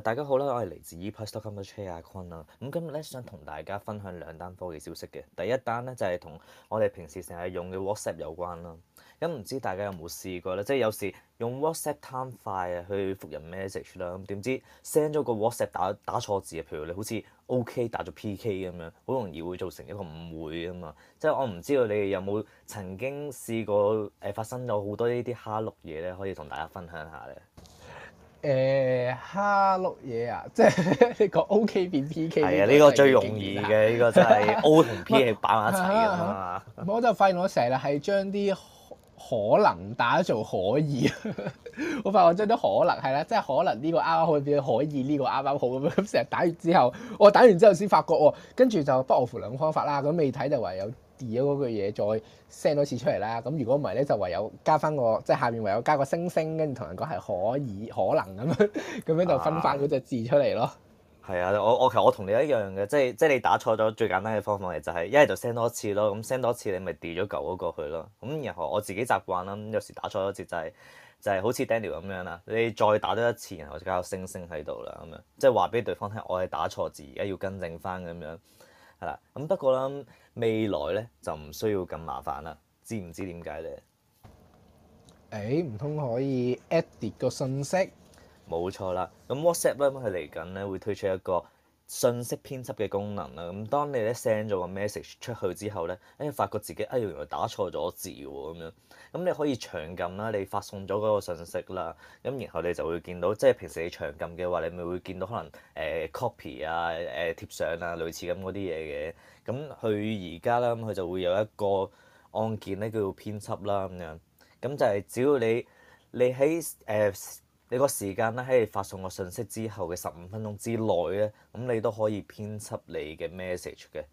大家好啦，我係嚟自 e p 批 s t o c o Market Icon 啊，咁今日想同大家分享兩單科技消息嘅。第一單咧就係同我哋平時成日用嘅 WhatsApp 有關啦。咁唔知大家有冇試過咧？即係有時用 WhatsApp time 快啊去覆人 message 啦，咁點知 send 咗個 WhatsApp 打打錯字啊？譬如你好似 OK 打咗 PK 咁樣，好容易會造成一個誤會啊嘛。即係我唔知道你哋有冇曾經試過誒發生咗好多呢啲蝦碌嘢咧，可以同大家分享下咧。誒蝦碌嘢啊！即係、uh, yeah. 你講 O K 變 P K 係啊的！呢 個最容易嘅呢 個就係 O 同 P 係擺埋一齊㗎 我就發現我成日啦係將啲可能打做可， 可，可，可以，我發現我將啲可能係啦，即係可能呢個啱啱好變咗可以呢個啱啱好咁，成日打完之後，我、哦、打完之後先發覺喎、哦，跟住就不外乎兩個方法啦。咁未睇就唯有，而家嗰句嘢再 send 多次出嚟啦，咁如果唔係咧就唯有加翻個即係下面唯有加個星星，跟住同人講係可以可能咁樣，咁 樣就分翻嗰隻字出嚟咯。係啊，啊，我我其實我同你一樣嘅，即係即係你打錯咗，最簡單嘅方法係就係一係就 send 多次咯，咁 send 多次你咪掉咗舊嗰個去咯。咁然後我自己習慣啦，有時打錯咗字就係、是、就係、是、好似 Daniel 咁樣啦，你再打多一次，然後就加個星星喺度啦，咁樣即係話俾對方聽，我係打錯字，而家要更正翻咁樣。係啦，咁不過啦，未來咧就唔需要咁麻煩啦，知唔知點解咧？誒、哎，唔通可以 edit 啲個信息？冇錯啦，咁 WhatsApp 咧佢嚟緊咧會推出一個信息編輯嘅功能啦，咁當你咧 send 咗個 message 出去之後咧，哎發覺自己哎原來打錯咗字喎咁樣，咁你可以長撳啦，你發送咗嗰個信息啦，咁然後你就會見到，即係平時你長撳嘅話，你咪會見到可能誒、呃、copy 啊、誒、呃、貼相啊，類似咁嗰啲嘢嘅，咁佢而家啦，咁佢就會有一個按鍵咧，叫做編輯啦咁樣，咁就係只要你你喺誒。呃你個時間咧喺你發送個信息之後嘅十五分鐘之內咧，咁你都可以編輯你嘅 message 嘅。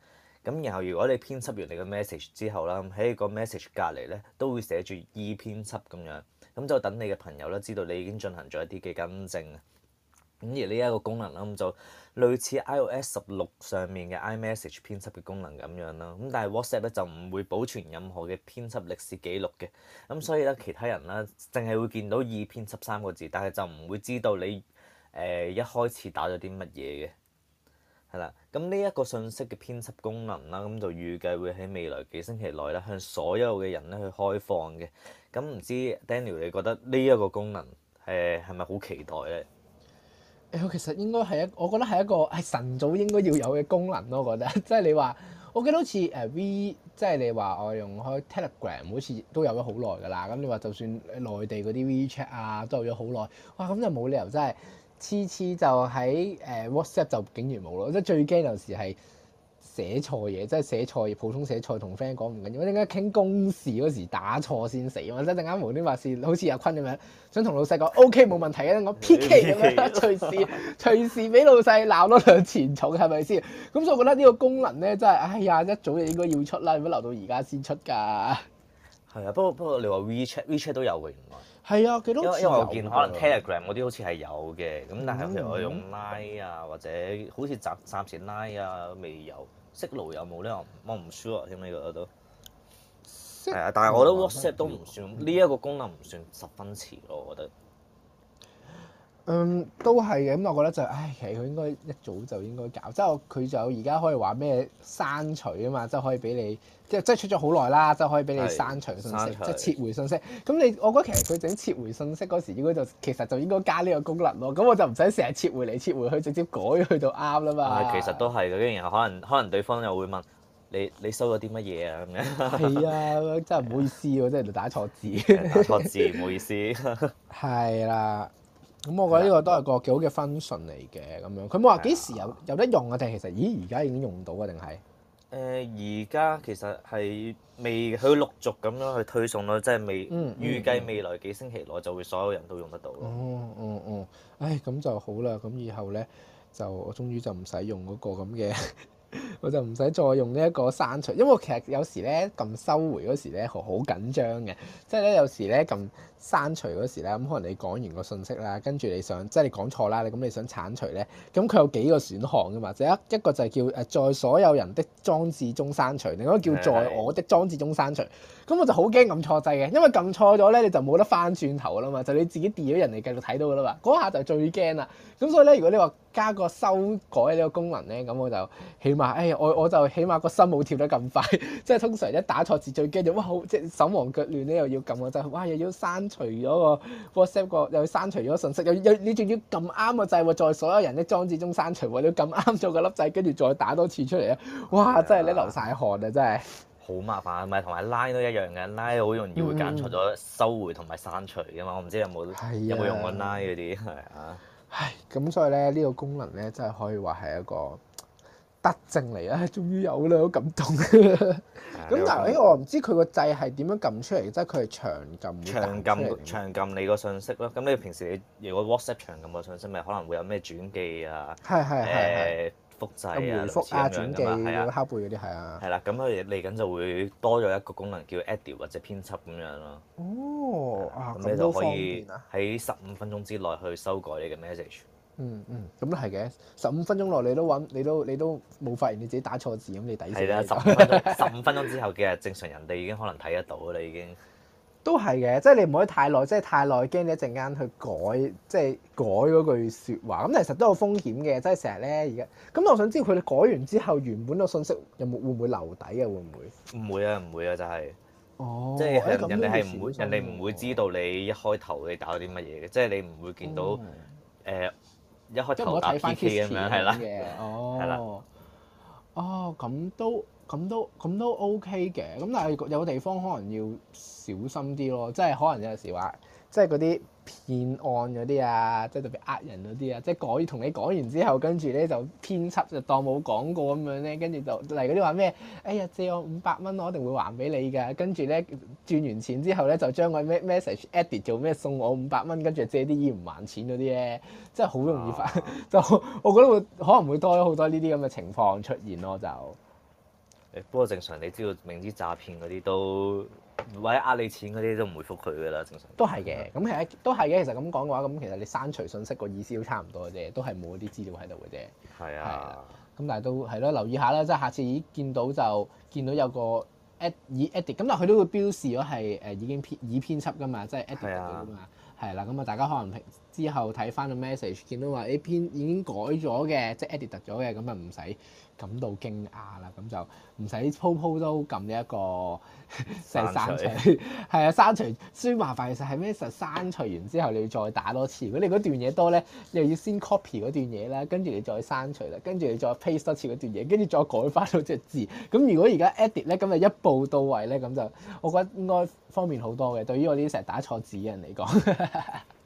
咁然後如果你編輯完你嘅 message 之後啦，喺你個 message 隔籬咧都會寫住 E 編輯咁樣，咁就等你嘅朋友咧知道你已經進行咗一啲嘅更正。咁而呢一個功能啦，咁就類似 iOS 十六上面嘅 iMessage 編輯嘅功能咁樣啦。咁但係 WhatsApp 咧就唔會保存任何嘅編輯歷史記錄嘅。咁所以咧，其他人咧，淨係會見到已編輯三個字，但係就唔會知道你誒、呃、一開始打咗啲乜嘢嘅係啦。咁呢一個信息嘅編輯功能啦，咁就預計會喺未來幾星期內咧向所有嘅人咧去開放嘅。咁唔知 Daniel 你覺得呢一個功能誒係咪好期待咧？誒其實應該係一，我覺得係一個係神早應該要有嘅功能咯。我覺得即係你話，我記得好似誒 W，即係你話我用開 Telegram，好似都有咗好耐㗎啦。咁你話就算內地嗰啲 WeChat 啊，都有咗好耐，哇！咁就冇理由真係次次就喺誒 WhatsApp 就竟然冇咯。即係最驚有時係。寫錯嘢，即係寫錯嘢。普通寫錯同 friend 講唔緊要。我陣間傾公事嗰時打錯先死啊嘛！即係陣間無端端發線，好似阿坤咁樣，想同老細講 OK 冇問題嘅，我 PK 咁樣隨時隨時俾老細鬧多兩錢重，係咪先？咁所以我覺得呢個功能咧，真係哎呀，一早就應該要出啦，如果留到而家先出㗎？係啊，不過不過你話 WeChat WeChat 都有嘅，原來係啊，幾多因？因為我見、嗯、可能 Telegram 嗰啲好似係有嘅，咁但係我用 Line 啊，或者好似暫暫時 Line 啊未有。識路有冇呢？我唔 sure 添，呢個都係啊，但係我覺得 WhatsApp 都唔算呢一、嗯、個功能，唔算十分遲咯，我覺得。嗯，都係嘅。咁我覺得就，唉，其實佢應該一早就應該搞。即係佢就而家可以話咩刪除啊嘛，即係可以俾你，即係即係出咗好耐啦，即係可以俾你刪除信息，即係撤回信息。咁你，我覺得其實佢整撤回信息嗰時應該就其實就應該加呢個功能咯。咁我就唔使成日撤回嚟撤回去，直接改去到啱啦嘛、啊。其實都係嘅。跟住然後可能可能對方又會問你你收咗啲乜嘢啊咁樣。係 啊，真係唔好意思喎、啊，真係打錯字。 打錯字，唔好意思。係 啦。咁我覺得呢個都係個幾好嘅 function 嚟嘅，咁樣佢冇話幾時有有得用啊？定係其實，咦而家已經用到啊？定係？誒而家其實係未，去陸續咁樣去推送咯，即係未預計未來幾星期內就會所有人都用得到咯。哦哦哦，唉咁就好啦，咁以後咧就我終於就唔使用嗰個咁嘅。我就唔使再用呢一個刪除，因為我其實有時咧撳收回嗰時咧好緊張嘅，即係咧有時咧撳刪除嗰時咧，咁、嗯、可能你講完個訊息啦，跟住你想即係、就是、你講錯啦，你咁你想鏟除咧，咁、嗯、佢有幾個選項噶嘛？就係一一個就係叫誒、呃、在所有人的裝置中刪除，另一個叫在我的裝置中刪除。咁、嗯、我就好驚撳錯掣嘅，因為撳錯咗咧你就冇得返轉頭噶啦嘛，就你自己 delete 人哋繼續睇到噶啦嘛，嗰下就最驚啦。咁、嗯、所以咧，如果你話，加個修改呢個功能咧，咁、嗯、我就起碼，哎我我就起碼個心冇跳得咁快、 嗯。即係通常一打錯字，最驚就哇好，即係手忙腳亂咧又要撳個掣，哇又要刪除咗個 WhatsApp 個，又刪除咗信息，又要又要你仲要咁啱個掣喎，在所有人的裝置中刪除喎，要咁啱咗個粒掣，跟住再打多次出嚟咧，哇真係你流晒汗啊，真係。Yeah 好麻煩，咪同埋 Line 都一樣嘅，Line 好容易會揀錯咗、um, 收回同埋刪除嘅嘛。我唔知有冇有冇用過 Line 嗰啲係啊。咁所以咧，呢個功能咧，真係可以話係一個德政嚟啦！終於有啦，好感動。咁 但係誒，我唔知佢個掣係點樣撳出嚟，即係佢係長撳。長撳長撳你個信息咯。咁你平時你如果 WhatsApp 長撳個信息，咪可能會有咩轉寄啊？係係係。複製啊，復啊轉寄啊，記啊拷貝嗰啲係啊。係啦、啊，咁佢嚟緊就會多咗一個功能叫 Edit 或者編輯咁樣咯。哦，啊咁你都可以喺十五分鐘之內去修改你嘅 message。嗯嗯，咁都係嘅。十五分鐘內你都揾，你都你都冇發現你自己打錯字，咁你抵死啦！十五分鐘十五 分鐘之後嘅正常人哋已經可能睇得到啦，你已經。都係嘅，即係你唔可以太耐，即係太耐驚你一陣間去改，即係改嗰句説話。咁其實都有風險嘅，即係成日咧而家。咁我想知佢哋改完之後，原本個信息有冇會唔會留底嘅？會唔會？唔會啊，唔會啊，就係。哦。即係人哋係唔會，人哋唔會知道你一開頭你打啲乜嘢嘅，即係、哦、你唔會見到誒。呃一開頭睇翻，k 咁樣係啦，了哦，了哦，咁都咁都咁都 OK 嘅，咁但係有個地方可能要小心啲咯，即係可能有陣時話。即係嗰啲騙案嗰啲啊，即係特別呃人嗰啲啊，即係講同你講完之後，跟住咧就編輯就當冇講過咁樣咧，跟住就例如嗰啲話咩？哎呀借我五百蚊，我一定會還俾你㗎。跟住咧轉完錢之後咧，就將個咩 message edit 做咩送我五百蚊，跟住借啲衣唔還錢嗰啲咧，真係好容易發。啊啊 就我覺得會可能會多咗好多呢啲咁嘅情況出現咯，就。不過正常，你知道明知詐騙嗰啲都或者呃你錢嗰啲都唔會覆佢噶啦，正常都。都係嘅，咁其實都係嘅。其實咁講嘅話，咁其實你刪除信息個意思都差唔多嘅啫，都係冇啲資料喺度嘅啫。係啊，啊。咁但係都係咯，留意下啦，即係下次咦見到就見到有個 edit 已 edit，咁但佢都會標示咗係誒已經編已編輯噶嘛，即係 edit 到噶嘛，係啦、啊，咁啊大家可能平。之後睇翻個 message，見到話呢篇已經改咗嘅，即係 edit 咗嘅，咁咪唔使感到驚訝啦。咁就唔使鋪，鋪鋪都撳呢一個 刪除。係啊除， 刪除最麻煩其實係咩？實刪除完之後你要再打多次。如果你嗰段嘢多咧，又要先 copy 嗰段嘢啦，跟住你再刪除啦，跟住你再 paste 多次嗰段嘢，跟住再改翻到隻字。咁如果而家 edit 咧，咁就一步到位咧，咁就我覺得應該方便好多嘅。對於我呢啲成日打錯字嘅人嚟講。